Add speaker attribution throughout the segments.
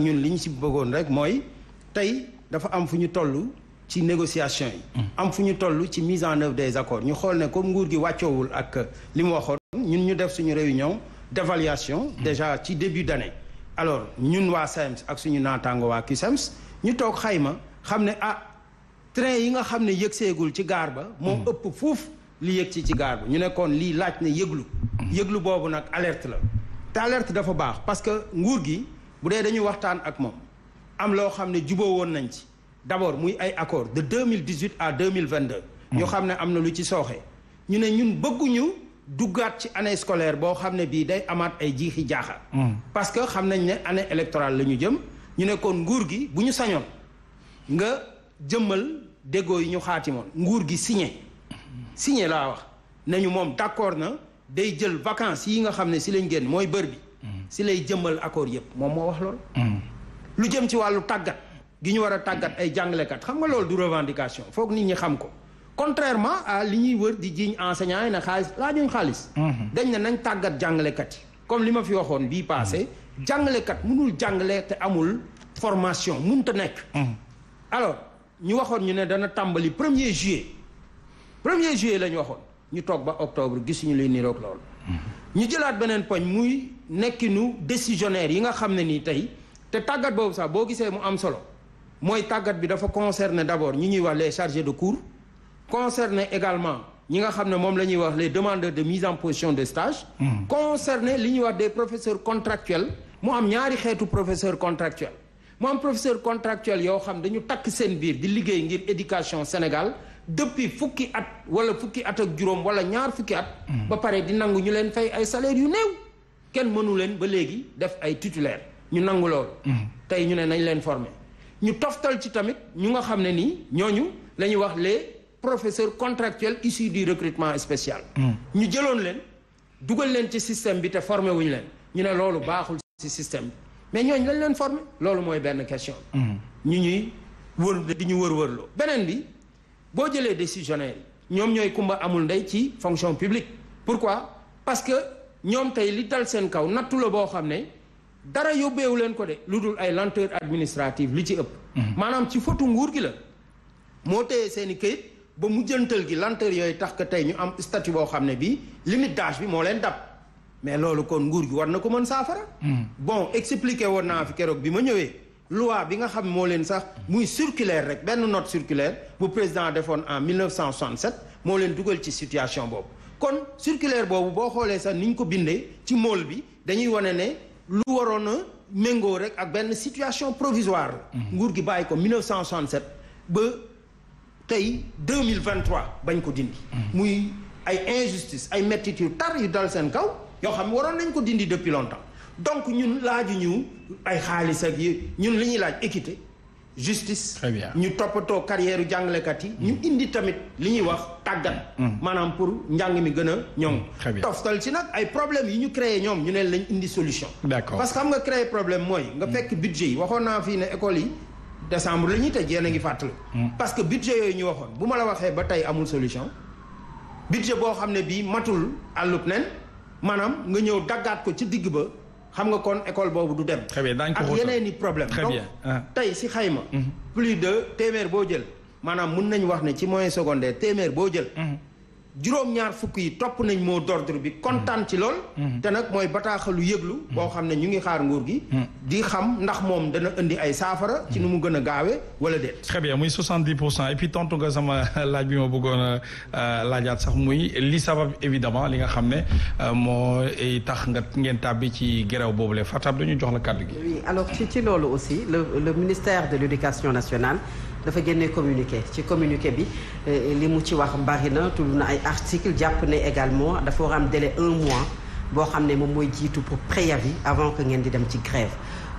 Speaker 1: ñun li ñu si bëggoon rek mooy tey dafa am fu ñu toll ci négociation yi. Mm. am fu ñu toll ci mise en œuvre des accords ñu xool ne comme nguur gi wàccoowul ak li mu waxoon. ñun ñu def suñu réunion d'évaluation. Mm. déjà ci début d'année. alors ñun waa SAEMS e ak suñu naataango waa CUSEMS e ñu toog xayma xam ne ah train yi nga xam ne yëgseegul ci gaar ba. moo mm. ëpp fuuf li yëg ci ci gaar ba ñu nekkoon lii laaj na yëglu. yëglu boobu nag alerte la te alerte dafa baax parce que nguur gi. bu dee dañuy waxtaan ak moom am loo xam ne juboo woon nañ ci d'abord muy ay accord de mille 2018 à 2022 hmm. ñu xam ne am na lu ci sooxe ñu ne ñun bëgguñu duggaat ci année scolaire boo xam ne bii day amaat ay jiixi jaaxa hmm. parce que xam nañ ne année électorale la ñu jëm ñu nekkoon nguur gi bu ñu sañoon nga jëmmal déggoo yi ñu xaatimoon nguur gi signé signé laa wax nañu moom d'accord na day jël vacances yi nga xam ne si lañ génn mooy bër bi si lay jëmmal accord yëpp moom moo wax loolu lu jëm ci wàllu tàggat gi ñu war a tàggat ay jàngalekat xam nga loolu du revendication foog nit ñi xam ko contrairement li ñuy wër di jiiñ enseignant yi ne xaalis laa ñuñ xaalis dañ ne nañ tàggat jàngalekat yi comme li ma fi waxoon bii passé jàngalekat mënul jàngale te amul formation mënut te nekk alors ñu waxoon ñu ne dana tàmbali premier juillet premier juillet la ñu waxoon ñu toog ba octobre gisuñu luy niroog loolu ñu jëlaat beneen poñ muy nekkinu décisionnaire yi nga xam ne nii tey te tàggat boobu sax boo gisee mu am solo mooy tàggat bi dafa concerner d'abord ñi ñuy wax les chargés de cours concerner également ñi nga xam ne moom la ñuy wax les demandeurs de mise en position de stage hmm. concerner li ñuy wax des professeurs contractuels mu am ñaari xeetu professeur contractuel mu am professeur contractuel yoo xam dañu takk seen biir di liggéey ngir éducation Sénégal depuis fukki at wala fukki at ak juróom wala ñaar fukki at. ba pare di nangu ñu leen fay ay salaire yu néew. kenn mënu leen ba léegi def ay titulaire ñu nangu loolu. tey ñu ne nañ leen former ñu toftal ci tamit ñu nga xam ne nii ñooñu la ñuy wax les professeurs contractuels issus di recrutement spécial. ñu jëloon leen dugal leen ci système bi te formé wuñu leen ñu ne loolu baaxul ci système bi mais ñooñu lañ leen former loolu mooy benn question. Mm. ñu ñuy wër di ñu wër wërloo beneen bi. boo jëlee décisionnaire yi ñoom ñooy kumba amul ndey ci fonction publique pourquoi parce que ñoom tey li dal seen kaw nattu la boo xam ne dara yóbbewu leen ko de lu dul ay lenteur administrative li ci ëpp mhm. maanaam ci fotu nguur gi la moo téye seen i këyit ba mu jëntal gi lenteur yooyu tax que tey ñu am statut boo xam ne bii limite d'âge bi moo leen dab mais loolu kon nguur gi war na ko mën saafara mhm. bon expliqué woon naa fi keroog bi ma ñëwee loi bi nga xam moo leen sax muy circulaire rek benn not circulaire bu président defoon en 1967 moo leen dugal ci situation boobu kon circulaire boobu boo xoolee sax ni ñu ko bindee ci mool bi dañuy wane ne lu waroon a méngoo rek ak benn situation provisoire mhm. nguur gi bàyyi ko 1967 ba tey 2023 bañ ko dindi mhm. muy ay injustice ay mettitu tar yu dal seen kaw yoo xam waroon nañ ko dindi depuis longtemps donc ñun laaju ñu ay xaalis ak yi ñun li ñuy laaj équité justice ñu toppatoo carrière jàngalekat yi ñu indi tamit li ñuy wax tàggat hmm. maanaam pour njàng mi gën a ñoŋ toftal ci nag ay problème yi ñu créé ñoom ñu ne lañ indi solution d'accord parce que xam nga créé problème mooy nga hmm. fekk budget yi waxoon naa fii ne école yi décembre la ñuy tëj a ngi fàttali hmm. parce que budget yooyu ñu waxoon bu ma la waxee ba tey amul solution budget boo xam ne bii matul àllub nen maanaam nga ñëw daggaat ko ci digg ba xam nga kon école boobu du dem. ak yeneen i problème donc tey si xayma. Mhm. plus de téeméer boo jël maanaam mun nañ wax ne ci moyen secondaire téeméer boo jël. Mhm. juróom-ñaar fukk yi topp nañ mot d'ordre bi kontaan ci lool mhm. te nag mooy bataaxalu yëglu mhm. boo xam ne ñu ngi xaar nguur gi mhm. di xam ndax moom dana indi ay saafara ci nu mu gën a gaawee wala déet très bien muy soixante-dix pour cent et puis tontu nga sama laaj bi ma bëggoon laajaat sax muy li sabab évidemment li nga xam ne euh, moo tax nga ngeen tàbbi ci gerew boobule Fatab dañu jox la kàddu gi oui alors ci ci loolu aussi le le ministère de l'éducation nationale dafa génne communiqué ci communiqué bi eh, li mu ci wax bari na tudd na ay article jàpp ne également dafoo war am délai un mois boo xam ne moom mooy jiitu pour préavis avant que ngeen di dem ci grève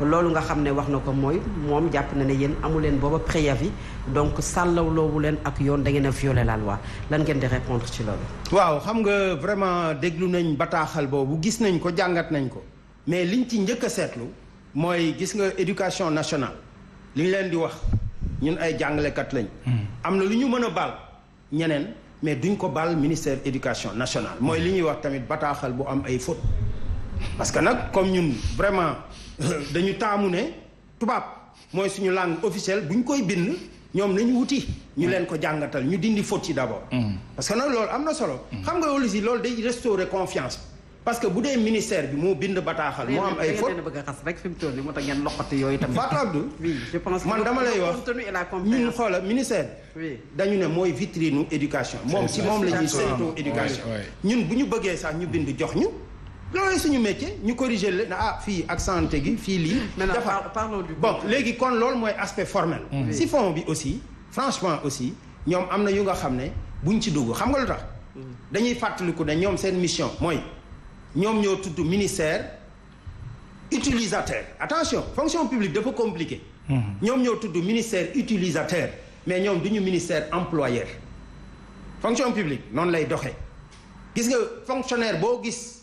Speaker 1: loolu nga xam ne wax na ko mooy moom jàpp na ne yéen amu leen booba bi donc sàllawloowu leen ak yoon da ngeen a violer la loi lan ngeen di répondre ci loolu. waaw xam nga vraiment déglu nañ bataaxal boobu gis nañ ko jàngat nañ ko mais liñ ci njëkk a seetlu mooy gis nga éducation nationale li leen di wax. ñun ay jàngalekat lañ. Hmm. am na lu ñu mën a baal ñeneen mais duñ ko baal ministère éducation nationale. mooy li ñuy wax tamit bataaxal bu am ay faute. parce que nag comme ñun vraiment dañu taamu ne tubaab mooy suñu langue officielle buñ koy bind ñoom lañu wuti. ñu hmm. leen ko jàngatal ñu dindi faute yi d'abord. Hmm. parce que nag loolu am na solo. xam nga loolu si loolu day restaurer confiance. parce que bu dee ministère bi moo bind bataaxal. moo am ay fautes bëgg a rek fi mu toll nii moo tax je pense man dama lay wax ñun xoola ministère. oui dañu ne mooy vitrine éducation. moom si moom la ñuy saytoo éducation. ñun bu ñu bëggee sax ñu bind jox ñu. loolu suñu métier ñu corriger le ne ah fii ak santé gi fii lii. dafa bo léegi kon loolu mooy aspect formel. Mm. si fond bi aussi franchement aussi ñoom am na yu nga xam ne bu ñu ci dugg xam nga lu tax. Mm. dañuy fàttaliku ne ñoom seen mission mooy ñoom ñoo tudd ministère utilisateur attention fonction publique dafa compliqué mhm. ñoom ñoo tudd ministère utilisateur mais ñoom du ñu ministère employeur fonction publique noonu lay doxee gis nga fonctionnaire boo gis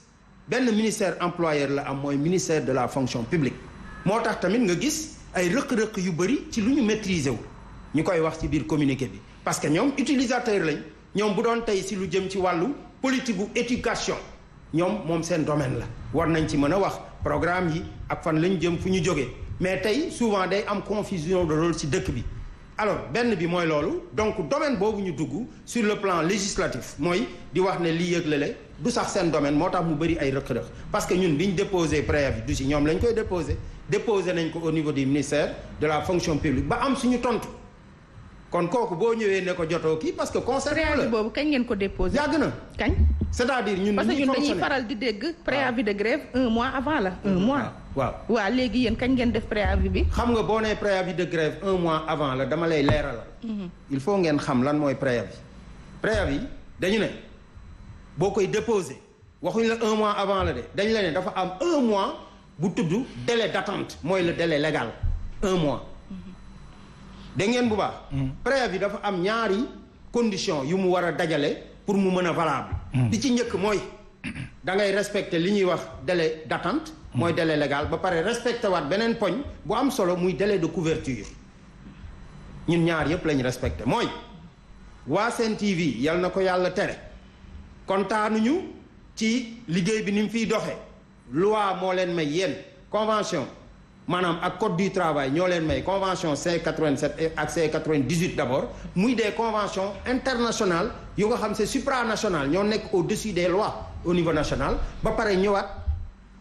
Speaker 1: benn ministère employeur la am mooy ministère de la fonction publique moo tax tamit nga gis ay rëq-rëq yu bëri ci lu ñu maîtriser wu ñu koy wax ci biir communiqué bi parce que ñoom utilisateur lañ ñoom bu doon tey si lu jëm ci wàllu politique bu éducation ñoom moom seen domaine la war nañ ci mën a wax programme yi ak fan lañ jëm fu ñu jógee mais tey souvent day am confusion de rôle ci dëkk bi alors benn bi mooy loolu donc domaine boobu ñu dugg sur le plan législatif mooy di wax ne lii yëg lale du sax seen domaine moo tax mu bëri ay rëq-rëq parce que ñun bi ñu déposé préavis du si ñoom lañ koy déposé déposé nañ ko au niveau du ministère de la fonction publique ba am suñu tontu. kon kooku boo ñëwee ne ko jotoo kii parce que concerné la boobu kañ ngeen ko déposé. yàgg na kañ. c'est-à-dire ñun parce que ñun dañuy faral di dégg. préavis de grève un mois avant la. un mm-hmm. mois waaw. waaw léegi yéen kañ ngeen def préavis bi. xam nga boo nee préavis de grève un mois avant la dama lay leeralal. Mm-hmm. il faut ngeen xam lan mooy préavis. préavis dañu ne boo koy déposé waxuñu la un mois avant la de dañu la ne dafa am un mois bu tudd dele d'attente mooy le délai légal mois. Mm-hmm. da ngeen bu baax. bi mm. dafa am ñaari condition yu mu war a dajale pour mu mën a valable. li mm. ci njëkk mooy da ngay respecter li ñuy wax délai d'attente. Mm. mooy délai légal ba pare respecté waat beneen poñ bu am solo muy délai de couverture ñun ñaar yëpp lañ respecté mooy waa Sen TV yal na ko yàlla tere kontaanuñu ci liggéey bi ni mu fiy doxee loi moo leen may yéen convention. maanaam ak code du travail ñoo leen may convention C87 ak C98 d' abord muy des conventions internationales yu nga xam c'est supranational ñoo nekk au-dessus des lois au niveau national ba pare ñëwaat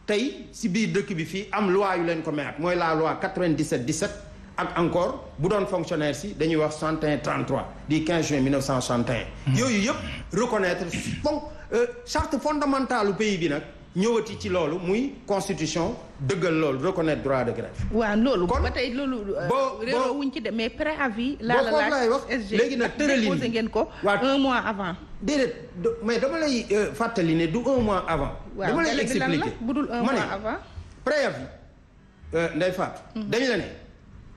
Speaker 1: tey si biir dëkk bi fii am loi yu leen ko mayaat mooy la loi 97 17 ak encore bu doon fonctionnaire si dañuy wax 61 33 du 15 juin 1961. Hmm. yooyu yëpp reconnaître fon euh, charte fondamentale u pays bi nag. ñëwati ci loolu muy constitution dëggal loolu reconnaître droit de grève. waaw loolu. kon ba tey loolu. boo euh, réeroo wuñ ci de mais préavis. laa la laaj wax léegi nag tëralin bi ngeen ko. un mois avant. déedéet mais dama lay euh, fàttali ne du un mois avant. dama lay expliquer budul un mois avant. préavis euh, nday faat mhm. dañu la ne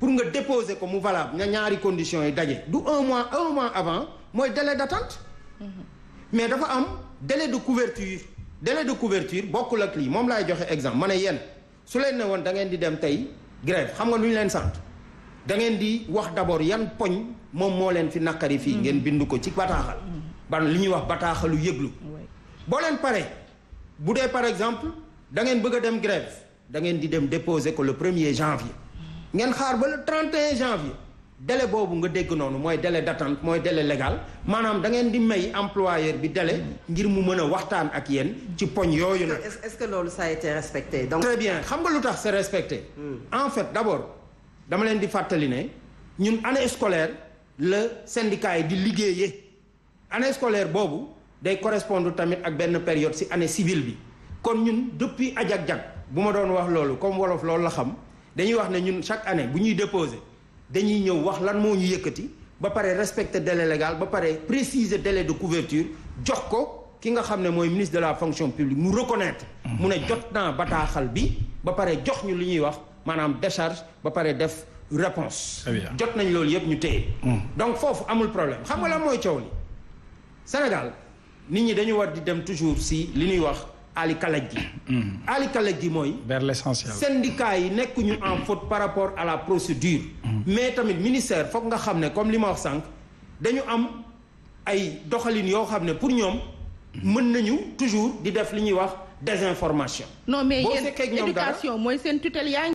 Speaker 1: pour nga déposer ko mu valable nga ñaari conditions yi daje du un mois un mois avant mooy délai d'attente mhm. mais dafa am délai de couverture. délai de couverture bokkul ak lii moom laay joxe exemple ma ne yéen su leen ne woon da di dem tey grève xam nga lu ñu leen sant da ngeen di wax d'abord yan poñ moom moo leen fi naqari fii ngeen bind ko ci bataaxal ban li ñuy wax bataaxalu yëglu boo leen paree bu dee par exemple da ngeen bëgg a dem grève da ngeen di dem déposer ko le premier janvier ngeen xaar ba le 31 janvier délai boobu nga dégg noonu mooy dele d'attente mooy délai légal maanaam da ngeen di may employeur bi délai ngir mu mën a waxtaan ak yéen ci poñ yooyu na est-ce que loolu ça a été respecté donc bien xam nga lu tax c'est respecté hmm. en fait d'abord dama leen di fàttali ne ñun année scolaire la syndicat di liggéeyee année scolaire boobu day correspondre tamit ak benn période ci année civile bi kon ñun depuis ajag-jag bu ma doon wax loolu comme wolof loolu la xam dañuy wax ne ñun chaque année bu ñuy déposer dañuy ñëw wax lan moo ñu yëkkati ba pare respecter délai légal ba pare préciser délai de couverture jox ko ki nga xam ne mooy ministre de la fonction publique mu reconnaître mu ne jot naa bataaxal bi ba pare jox ñu li ñuy wax maanaam décharge ba pare def réponse jot nañ loolu yëpp ñu téye hmm. donc foofu amul problème xam nga lan mooy coow li Sénégal nit ñi dañu war di dem toujours si li ñuy wax ali kalaj gi hmm. ali kalaj gi mooy vers l'essentiel syndicat yi nekkuñu en faute par rapport à la procédure hmm. mais tamit ministère foog nga xam ne comme li ma wax sànq dañu am ay doxalin yoo xam ne pour ñoom mën nañu toujours di def li ñuy wax désinformation. non mais yéen mooy seen tutelle yaa